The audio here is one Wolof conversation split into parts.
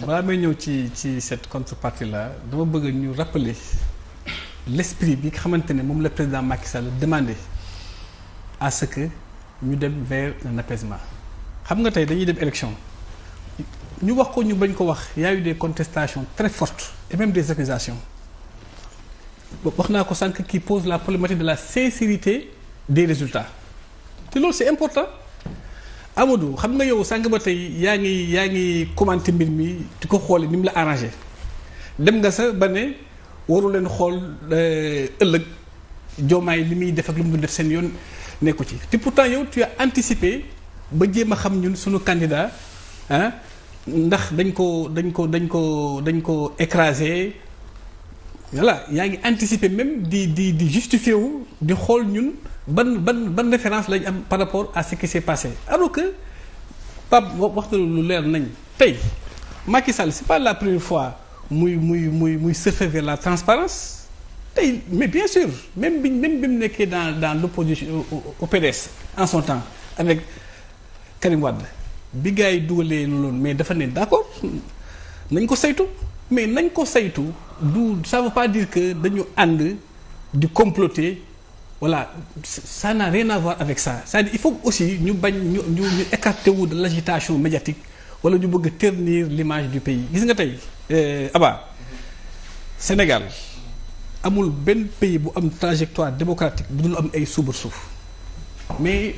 c'est-à-dire may ñëw ci ci cette contrepartie la dama bëgg ñu rappale l'esprit bi xamante ne moom la président Macky Sall demandé à ce que ñu dem vers un xam nga tey dañuy dem élection ñu wax ko ñu bañ ko wax y a eu des contestations très forte et même des accusations wax naa ko sànq qui pose la problématique de la sincérité des résultats te loolu c'est important Amadou xam nga yow sànq ba tey yaa ngi yaa ngi commenté mbir mi di ko xoole ni mu la arrangé dem nga sa ba ne waru leen xool euh, ëllëg joomaay li muy def ak lu mu dul def seen yoon nekku ci te pourtant yow tu as anticipé ba jéem a xam ñun suñu candidat ah ndax dañ ko dañ ko dañ ko dañ ko écrasé voilà yaa ngi anticiper même di di di justifier wu di xool ñun ban ban ban référence lañ am par rapport à ce qui s'est passé alors que Pape wax na lu leer nañ tey Macky Sall c'est pas la première fois muy muy muy muy surfer vers la transparence tey mais bien sûr même bi même bi mu nekkee dans dans l'opposition au PDS en son temps avec Karim bi gars yi dugalee loolu mais dafa ne d'accord nañ ko saytu mais nañ ko saytu du ça veut pas dire que dañu ànd di comploter voilà ça n'a rien avec ça cest à il faut aussi ñu bañ ñu ñu ñu écarter wu de l'agitation médiatique wala ñu bëgg a l'image du pays gis nga tey euh, Abba Sénégal amul benn pays bu am trajectoire démocratique bu dul am ay suuf mais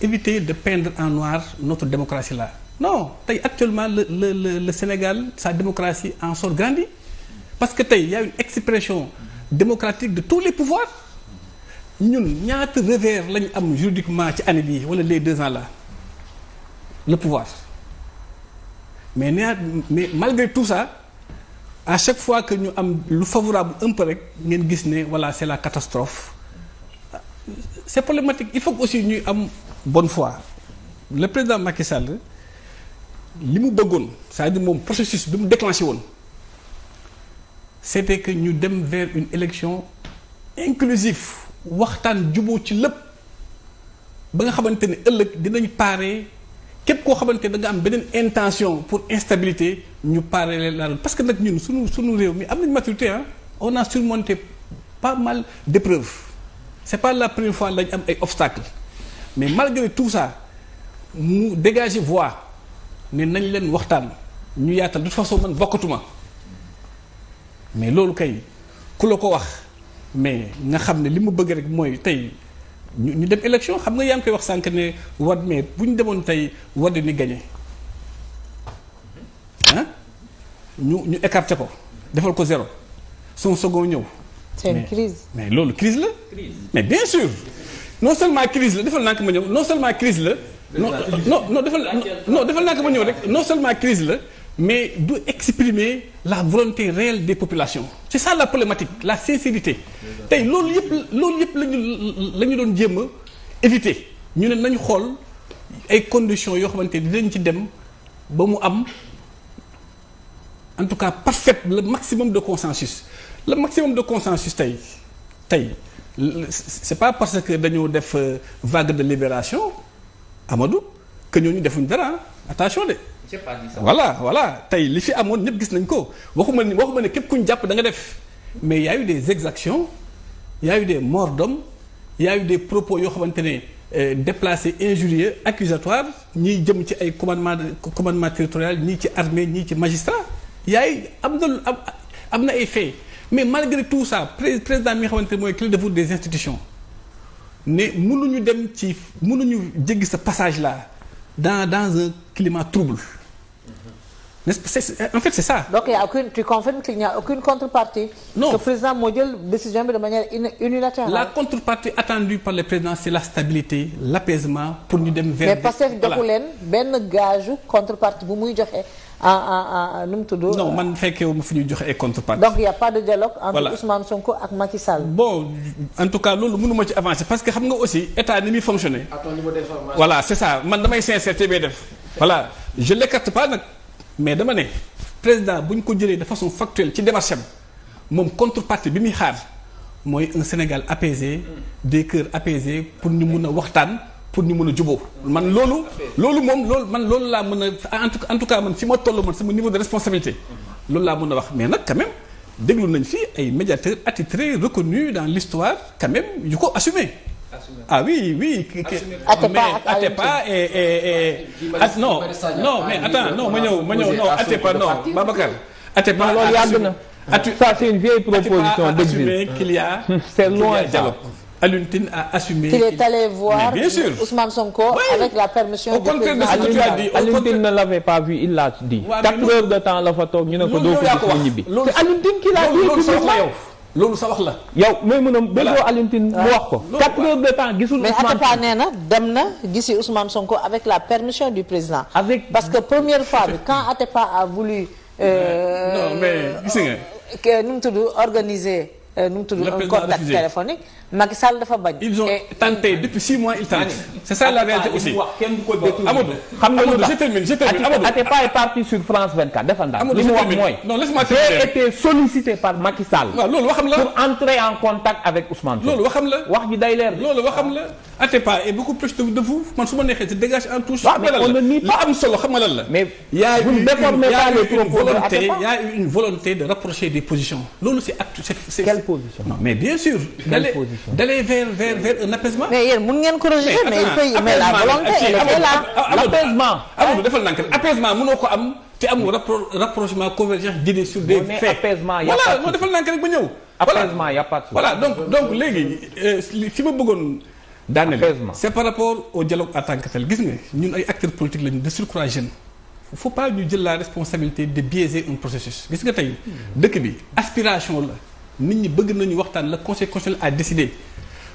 éviter de peindre en noir notre démocratie là non tey actuellement le le le Sénégal sa démocratie en sort grandie parce que tey y a une expression démocratique de tous les pouvoirs ñun ñaata revers lañ am juridiquement ci année bii wala les deux ans là le pouvoir mais nee mais malgré tout ça à chaque fois que ñu am lu favorable un rek ngeen gis ne voilà c'est la catastrophe c'est problématique il faut aussi ñuy am bonne fois le président Macky Sall li mu bëggoon cest à moom processus bi mu déclenché woon c'était que ñu dem vers une élection inclusive waxtaan juboo ci lépp ba nga xamante ni ëllëg dinañ parer képp koo xamante ne da am beneen intention pour instabilité ñu parer leen la parce que nag ñun suñu suñu réew mi am nañ maturité ah on a surmonté pas mal d'épreuves c'est par la première fois lañ am ay obstacles mais malgré tout sax mu dégager voie ne nañ leen waxtaan ñu yaatal de façon man bokkatuma mais loolu kay ku la ko wax mais nga xam ne li mu bëgg rek mooy tey ñu ñu dem élection xam nga yaa ngi koy wax sànq ne Wade mais bu ñu demoon tey Wade ni gagné ah ñu ñu écarté ko defal ko zéro son second ñëw. c'est une crise mais loolu crise la. mais bien sûr non seulement crise la defal naa ko ma ñëw non seulement crise la. non non non defal non defal naa ko ma ñëw rek non seulement crise la. mais du exprimer la volonté réelle des population ci ça la problématique la sincérité tey loolu yëpp loolu yëpp lañu la ñu doon jéem a éviter ñu ne nañu xool ay conditions yoo xamante ni dinañ ci dem ba mu am en tout cas parfait le maximum de consensus le maximum de consensus tey tey c'est pas parce que dañoo def euh, vague de libération Amadou que ñooñu defuñ dara attention de. j'ai pas dit voilà voilà tey li fi amoon ñëpp gis nañ ko waxuma ni waxuma ne képp ku jàpp da def mais y a eu des exactions y a eu des morts d'hommes y a des propos yoo xamante ne euh, déplacés injurieux accusatoires ñiy jëm ci ay commandement commandement territorial ñii ci armée ñii ci magistrat yaay am na am na ay faits mais malgré tout ça président mi nga xamante ne mooy clé de voûte des institutions ne mënuñu dem ci mënuñu jéggi sa passage là. dans dans un climat trouble. ce en fait c'est ça. donc tu confirmes qu'il n'y a aucune contrepartie. non président moo jël décision bi de manière unilatérale. la contrepartie attendue par le président c'est la stabilité l'apaisement pour ñu dem. vers mais Pastef joxu leen benn gage contrepartie bu muy joxe. ah ah, ah, ah mu tudd. non man fekkee wu ma fi ñuy joxe ay contreparties. donc y' a pas de dialogue. voilà entre Ousmane en tout cas loolu mënuma ci avancer parce que xam nga aussi état ni muy fonctionner. à ton niveau ça man damay sincère te bay def. voilà je l' écarte pas nag mais dama ne président bu ñu ko jëlee de façon factuelle ci démarche am moom contrepartie bi muy xaar mooy Sénégal apaisé. des cœurs apaisés pour ñu mun a waxtaan. pour ñu mën a juboo man loolu loolu moom loolu man loolu laa mën a en tout en tout cas man fi ma toll man sama niveau de responsabilité loolu laa mën a wax mais nag quand même déglu nañ fi ay médiateurs attitrés reconnus dans l'histoire quand même yu ko assumé ah oui oui Atepa et et et non no mais attends no ma ñëw ma ñëw non Atepa non Babacar Atepa loolu yàgg na ça c'est une vieille proposition d'exil qu'il y a c'est Alioune Tine a assumé. qu'il est allé voir bien Sonko. Oui. la permission au contraire de ce que tu as dit il l'a dit. waaw quatre de temps la fa toog ñu ne ko doo ko gis mu ñibbi. loolu Alioune la. yow mooy mën a déggoo Alioune Tine mu wax ko. quatre heures de temps gisul Ousmane Atepa nee na dem na gisi Ousmane Sonko avec la permission du président. avec parce que première fois bi quand Atepa a voulu. Euh, non mais gis nga. nu mu tudd organiser. Euh, nu mu tudd un contact téléphonique. Macky Sall dafa bañ. ils ont tenté depuis six mois ils tentent. c'est ça la réalité aussi Amadou. xam nga lu tax je termine je termine Amadou. Atepa est parti sur France 24 defal ndax. Amadou li mu wax mooy. non laisse-moi terminer j'ai été sollicité par Macky Sall. waaw loolu waxam la pour entrer en contact avec Ousmane Sonko. loolu waxam la wax ji day leer. loolu waxam la Atepa est beaucoup plus de vous man su ma neexee je dégage en touche. waaw mais on ne nie pas am solo xam nga lan la. mais y a une volonté y a une volonté de rapprocher des positions. loolu c'est acte c'est. quelle position non mais bien sûr. quelle position d'aller vers vers vers un apaisement. mun ngeen ko rejeter mais il mais la volonté est là l'apaisement. Ah, amul ah, apaisement mënoo ko am te amul rapprochement convergence d'idées sur des faits apaisement y a pas voilà defal nank rek ñëw. apaisement a pas voilà donc donc léegi euh, si ma bëggoon. daaneel c'est par rapport au dialogue en tant que gis nga ñun ay acteurs politiques lañu de surcroît jeune il faut ñu jël la responsabilité de biaiser un processus gis nga tey dëkk bi aspiration la. nit ñi bëgg nañu waxtaan la conseil constitutionnel a décidé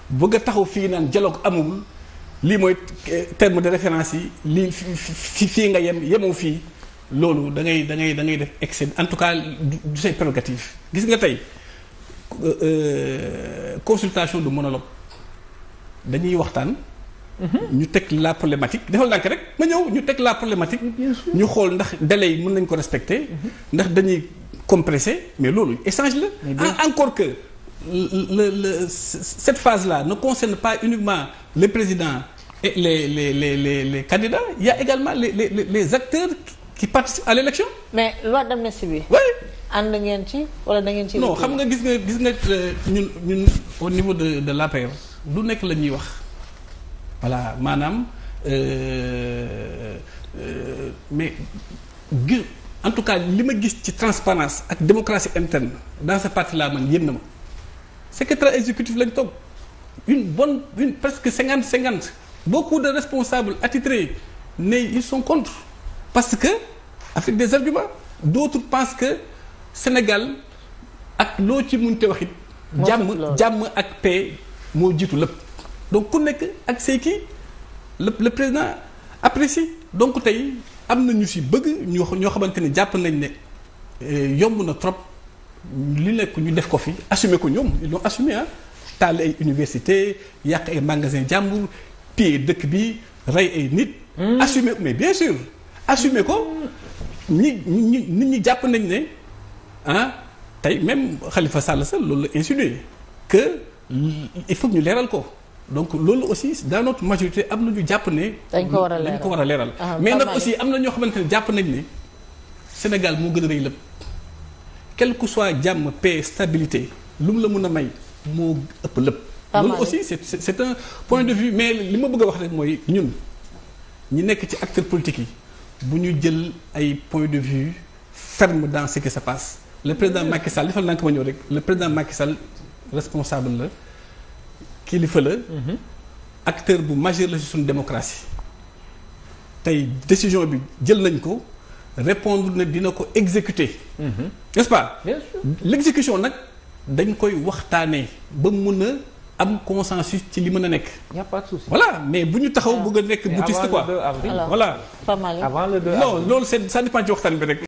bëgg a taxaw fii naan dialogue amul lii mooy eh, terme de référence yi lii fi fii nga yem yemoo fii loolu da ngay da da ngay def excès en tout cas du say prérogative gis nga tey euh, euh, consultation du monologue dañuy waxtaan. Mhm. ñu teg la problématique defal ndànk rek ma ñëw ñu teg la problématique. ñu xool ndax délai yi mën nañ ko respecter. Mhm. ndax dañuy. compressé mais loolu échange la. Ah, encore que le le cette phase là ne concerne pas uniquement le président et les les les les les candidats a également les les les acteurs qui participent à l'élection mais loi d'amnistie bi. oui ànd ngeen ci wala da ngeen ci. non xam nga gis nga gis nga euh, ñun ñun au niveau de de l'APR lu nekk la ñuy wax voilà maanaam euh, euh, gi en tout cas li ma gis ci transparence ak démocratie interne dans ce parti là man yéen na ma secrétaire exécutif lañ toog une bonne une presque cinquante cinquante beaucoup de responsables attitrés ne ils sont contre parce que avec des arguments d'autres pensent que Sénégal ak loo ci mënte wax it jàmm jàmm ak paix moo jiitu lépp donc ku nekk ak say kii le le président apprécie donc tey am na ñu si bëgg ñu ñoo xamante ne jàpp nañ ne eh, yomb na trop li nekk ñu def ko fi assumer ko ñoom ils l'ont assumé ah taal ay université yàq ay magasin jàmbur téye dëkk bi rey ay nit. Hmm. assumé mais bien sûr assumer ko ñi ñi nit ñi jàpp nañ ne ah tey même Khalifa Sall sax loolu la insinué que il faut ñu leeral ko. donc loolu aussi dans notre majorité am na ñu jàpp ne. dañ ko war a leeral war a leeral. Ah, mais nag aussi am na ñoo xamante ne jàpp nañ ne Sénégal moo gën a rëy lépp. quel que soit jàmm paix stabilité lu mu la mun a may moo ëpp lépp. loolu aussi c'est c'est un point de vue mais li ma bëgg a wax rek mooy ñun ñi nekk ci acteurs politiques yi bu ñu jël ay point de vue ferme dans ce qui se passe le président Macky Sall defal naa ko ma ñëw rek le président Macky Sall responsable la. kilifa la. Mhm. acteur bu majeur la ci suñu démocratie. tey décision bi jël nañ ko répondre na dina ko exécuter. Mhm. n'est-ce pas. bien sûr nag dañ koy waxtaanee ba mun a am consensus ci li mën a nekk. y mais bu ñu taxaw ah. bëgg a nekk boutiste quoi. voilà. pas mal avant le loolu c'est ça dépend ci waxtaan bi rek.